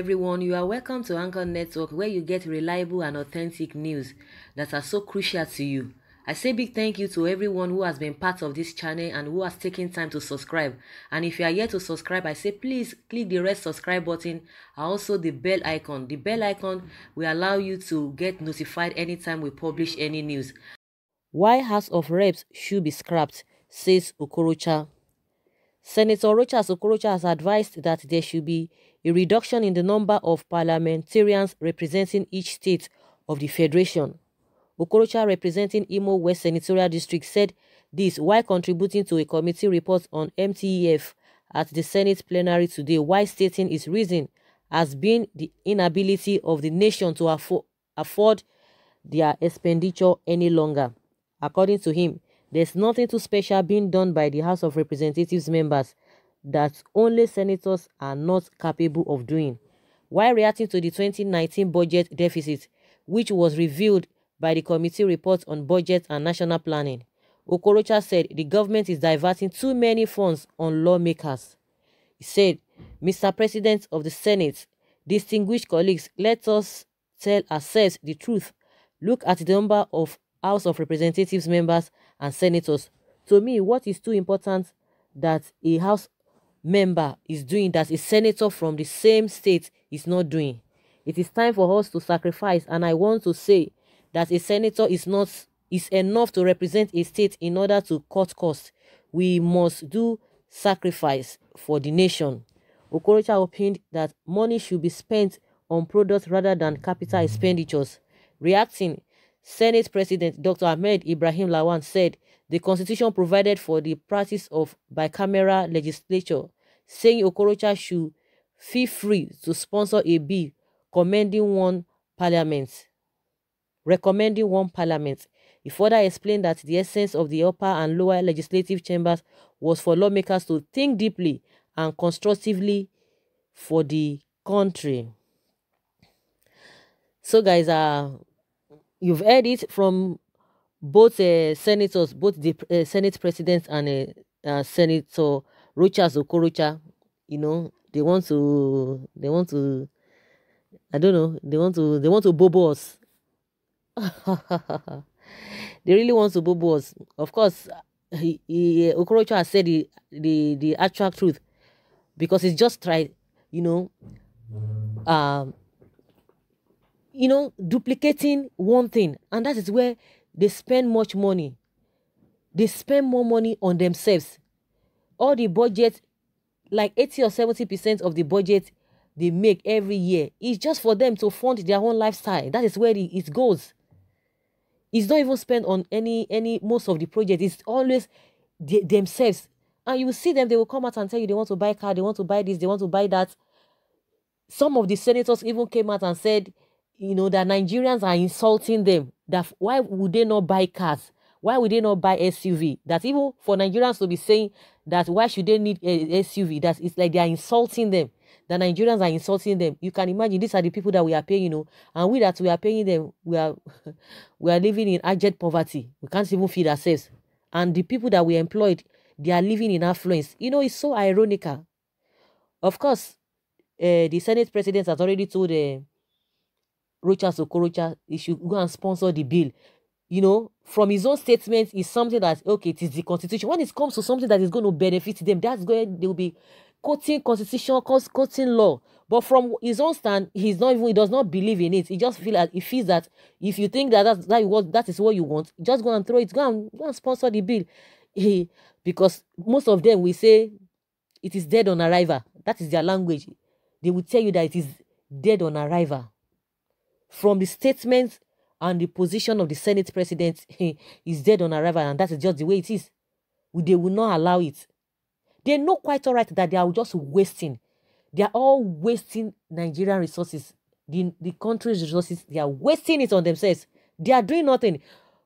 everyone. You are welcome to Anchor Network, where you get reliable and authentic news that are so crucial to you. I say big thank you to everyone who has been part of this channel and who has taken time to subscribe. And if you are yet to subscribe, I say please click the red subscribe button and also the bell icon. The bell icon will allow you to get notified anytime we publish any news. White House of Reps should be scrapped, says Okorocha. Senator Rochas Okorocha has advised that there should be a reduction in the number of parliamentarians representing each state of the federation. Okorocha, representing Imo West Senatorial District, said this while contributing to a committee report on MTEF at the Senate plenary today, while stating his reason has been the inability of the nation to afford their expenditure any longer. According to him, there's nothing too special being done by the House of Representatives members that only senators are not capable of doing. While reacting to the 2019 budget deficit, which was revealed by the committee report on budget and national planning, Okorocha said the government is diverting too many funds on lawmakers. He said, Mr. President of the Senate, distinguished colleagues, let us tell ourselves the truth. Look at the number of House of Representatives members and senators. To me, what is too important that a House member is doing that a senator from the same state is not doing? It is time for us to sacrifice, and I want to say that a senator is not is enough to represent a state in order to cut costs. We must do sacrifice for the nation. Okorocha opined that money should be spent on products rather than capital expenditures. Reacting, Senate President Dr. Ahmed Ibrahim Lawan said the constitution provided for the practice of bicameral legislature, saying Okorocha should feel free to sponsor a bill commending one parliament. Recommending one parliament. He further explained that the essence of the upper and lower legislative chambers was for lawmakers to think deeply and constructively for the country. So guys, uh, You've heard it from both uh, senators, both the uh, Senate president and uh, uh Senator Rochas Okorocha. You know, they want to, they want to, I don't know, they want to, they want to bobo us. they really want to bobo us. Of course, he, he, Okorocha has said the, the, the actual truth because it's just tried, you know, um, you know, duplicating one thing. And that is where they spend much money. They spend more money on themselves. All the budget, like 80 or 70% of the budget they make every year, is just for them to fund their own lifestyle. That is where it goes. It's not even spent on any, any, most of the project. It's always the, themselves. And you see them, they will come out and tell you they want to buy car, they want to buy this, they want to buy that. Some of the senators even came out and said you know, that Nigerians are insulting them. That why would they not buy cars? Why would they not buy SUV? That even for Nigerians to be saying that why should they need a eh, SUV? That it's like they are insulting them. The Nigerians are insulting them. You can imagine these are the people that we are paying, you know, and we that we are paying them, we are we are living in abject poverty. We can't even feed ourselves. And the people that we employed, they are living in affluence. You know, it's so ironical. Of course, uh, the Senate president has already told the eh, Rocha Sokorocha, he should go and sponsor the bill. You know, from his own statement, is something that okay, it is the constitution. When it comes to something that is going to benefit them, that's going they will be quoting constitution, quoting law. But from his own stand, he's not even he does not believe in it. He just feel like he feels that if you think that that's, that what that is what you want, just go and throw it. Go and go and sponsor the bill. He, because most of them will say it is dead on arrival. That is their language. They will tell you that it is dead on arrival from the statements and the position of the Senate president is dead on arrival, and that is just the way it is. They will not allow it. They know quite all right that they are just wasting. They are all wasting Nigerian resources, the, the country's resources. They are wasting it on themselves. They are doing nothing.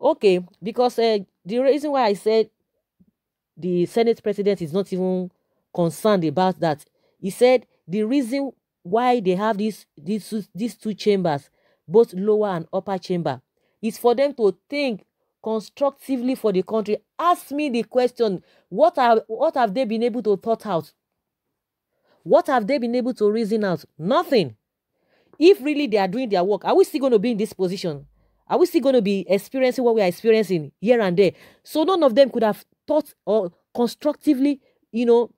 Okay, because uh, the reason why I said the Senate president is not even concerned about that, he said the reason why they have these, these, these two chambers both lower and upper chamber, is for them to think constructively for the country. Ask me the question, what, are, what have they been able to thought out? What have they been able to reason out? Nothing. If really they are doing their work, are we still going to be in this position? Are we still going to be experiencing what we are experiencing here and there? So none of them could have thought or constructively, you know,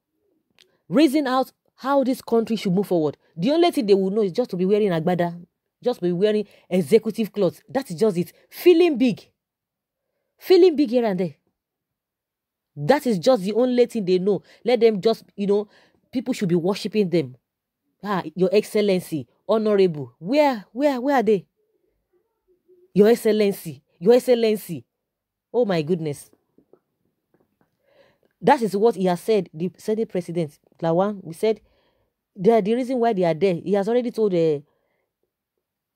reason out how this country should move forward. The only thing they will know is just to be wearing agbada just be wearing executive clothes. That is just it. Feeling big. Feeling big here and there. That is just the only thing they know. Let them just, you know, people should be worshiping them. Ah, Your Excellency, Honorable. Where, where, where are they? Your Excellency, Your Excellency. Oh my goodness. That is what he has said, the Senate President, Lawan. He said, the, the reason why they are there, he has already told the uh,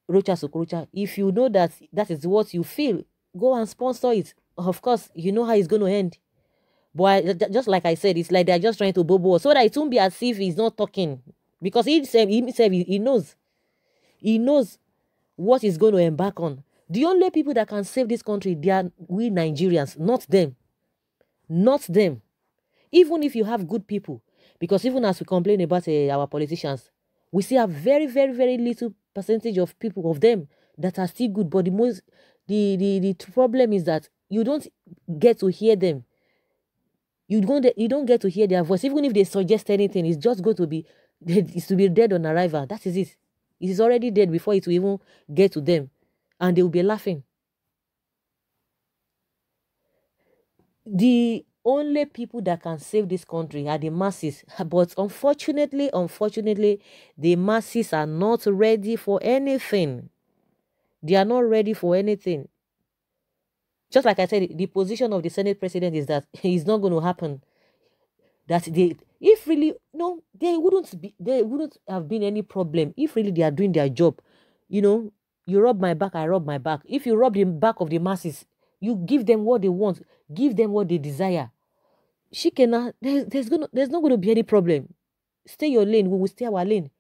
Rocha Sokorocha. If you know that that is what you feel, go and sponsor it. Of course, you know how it's going to end. But I, just like I said, it's like they're just trying to bobo so that it won't be as if he's not talking. Because he himself, he, himself, he knows. He knows what he's going to embark on. The only people that can save this country, they are we Nigerians, not them. Not them. Even if you have good people. Because even as we complain about uh, our politicians, we see a very, very, very little percentage of people of them that are still good. But the most the the, the problem is that you don't get to hear them. You don't you don't get to hear their voice. Even if they suggest anything, it's just going to be it's to be dead on arrival. That is it. It is already dead before it will even get to them. And they will be laughing. The only people that can save this country are the masses. But unfortunately, unfortunately, the masses are not ready for anything. They are not ready for anything. Just like I said, the position of the Senate president is that it's not going to happen. That they, if really, no, they wouldn't be, there wouldn't have been any problem if really they are doing their job. You know, you rub my back, I rub my back. If you rub the back of the masses, you give them what they want, give them what they desire she cannot there's, there's gonna there's not gonna be any problem stay your lane we will stay our lane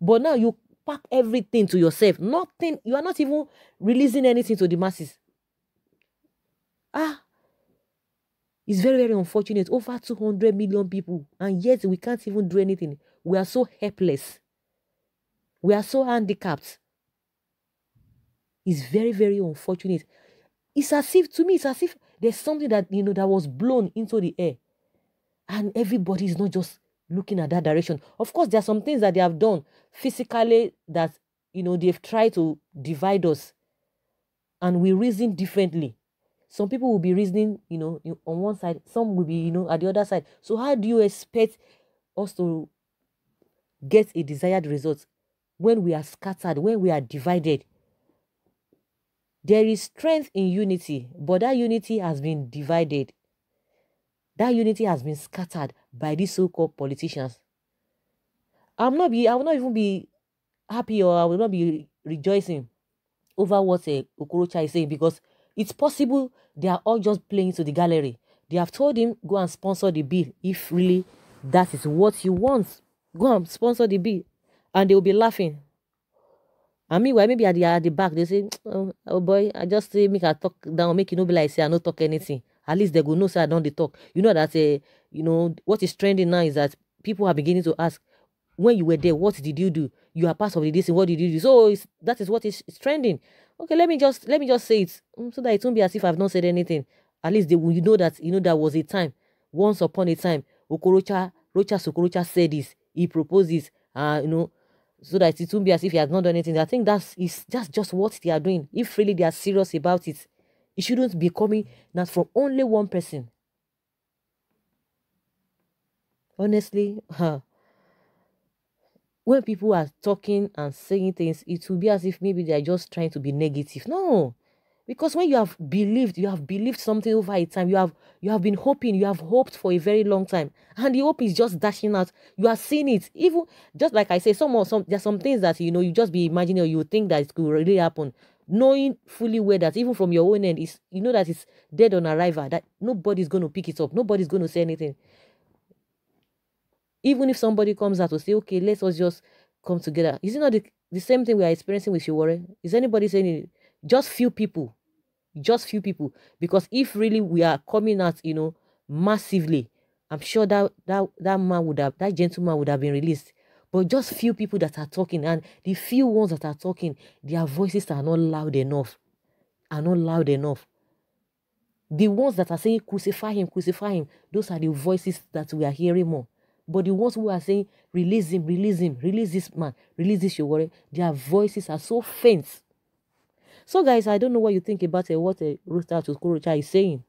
but now you pack everything to yourself nothing you are not even releasing anything to the masses ah it's very very unfortunate over 200 million people and yet we can't even do anything we are so helpless we are so handicapped it's very very unfortunate it's as if to me it's as if there's something that you know that was blown into the air. And everybody is not just looking at that direction. Of course, there are some things that they have done physically that you know they've tried to divide us and we reason differently. Some people will be reasoning, you know, on one side, some will be, you know, at the other side. So how do you expect us to get a desired result when we are scattered, when we are divided? There is strength in unity, but that unity has been divided. That unity has been scattered by these so-called politicians. I'm not be, I will not even be happy or I will not be rejoicing over what uh, Okorocha is saying because it's possible they are all just playing to the gallery. They have told him, go and sponsor the bill if really that is what you want. Go and sponsor the bill. And they will be laughing. And meanwhile, maybe at the, at the back, they say, oh, oh boy, I just say, make I talk down, make you know, be like, say, I not talk anything. At least they go know, say, I don't talk. You know that, uh, you know, what is trending now is that people are beginning to ask, when you were there, what did you do? You are part of the this, what did you do? So that is what is trending. Okay, let me just let me just say it mm, so that it won't be as if I've not said anything. At least they will you know that you know there was a time, once upon a time, Okorocha Rocha Sokorocha said this, he proposed this, uh, you know, so that it won't be as if he has not done anything. I think that's is just just what they are doing. If really they are serious about it, it shouldn't be coming not from only one person. Honestly, huh, when people are talking and saying things, it will be as if maybe they are just trying to be negative. No, because when you have believed, you have believed something over a time, you have you have been hoping, you have hoped for a very long time, and the hope is just dashing out. You are seeing it, even just like I say, some some there's some things that you know you just be imagining or you think that it could really happen, knowing fully well that even from your own end, is you know that it's dead on arrival, that nobody's going to pick it up, nobody's going to say anything. Even if somebody comes out to say, okay, let us just come together. Is it not the, the same thing we are experiencing with your worry? Is anybody saying it? just few people just few people because if really we are coming out you know massively i'm sure that that that man would have that gentleman would have been released but just few people that are talking and the few ones that are talking their voices are not loud enough are not loud enough the ones that are saying crucify him crucify him those are the voices that we are hearing more but the ones who are saying release him release him release this man release this your worry. their voices are so faint so, guys, I don't know what you think about uh, what uh, eh, to Tukurucha is saying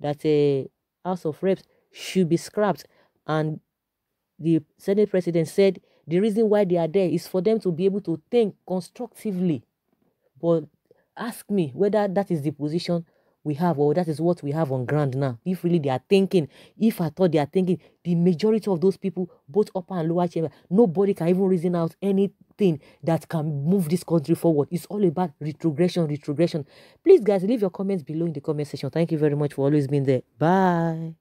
that uh, House of Reps should be scrapped. And the Senate president said the reason why they are there is for them to be able to think constructively. But ask me whether that is the position we have, or that is what we have on ground now. If really they are thinking, if I thought they are thinking, the majority of those people, both upper and lower chamber, nobody can even reason out anything that can move this country forward. It's all about retrogression, retrogression. Please, guys, leave your comments below in the comment section. Thank you very much for always being there. Bye.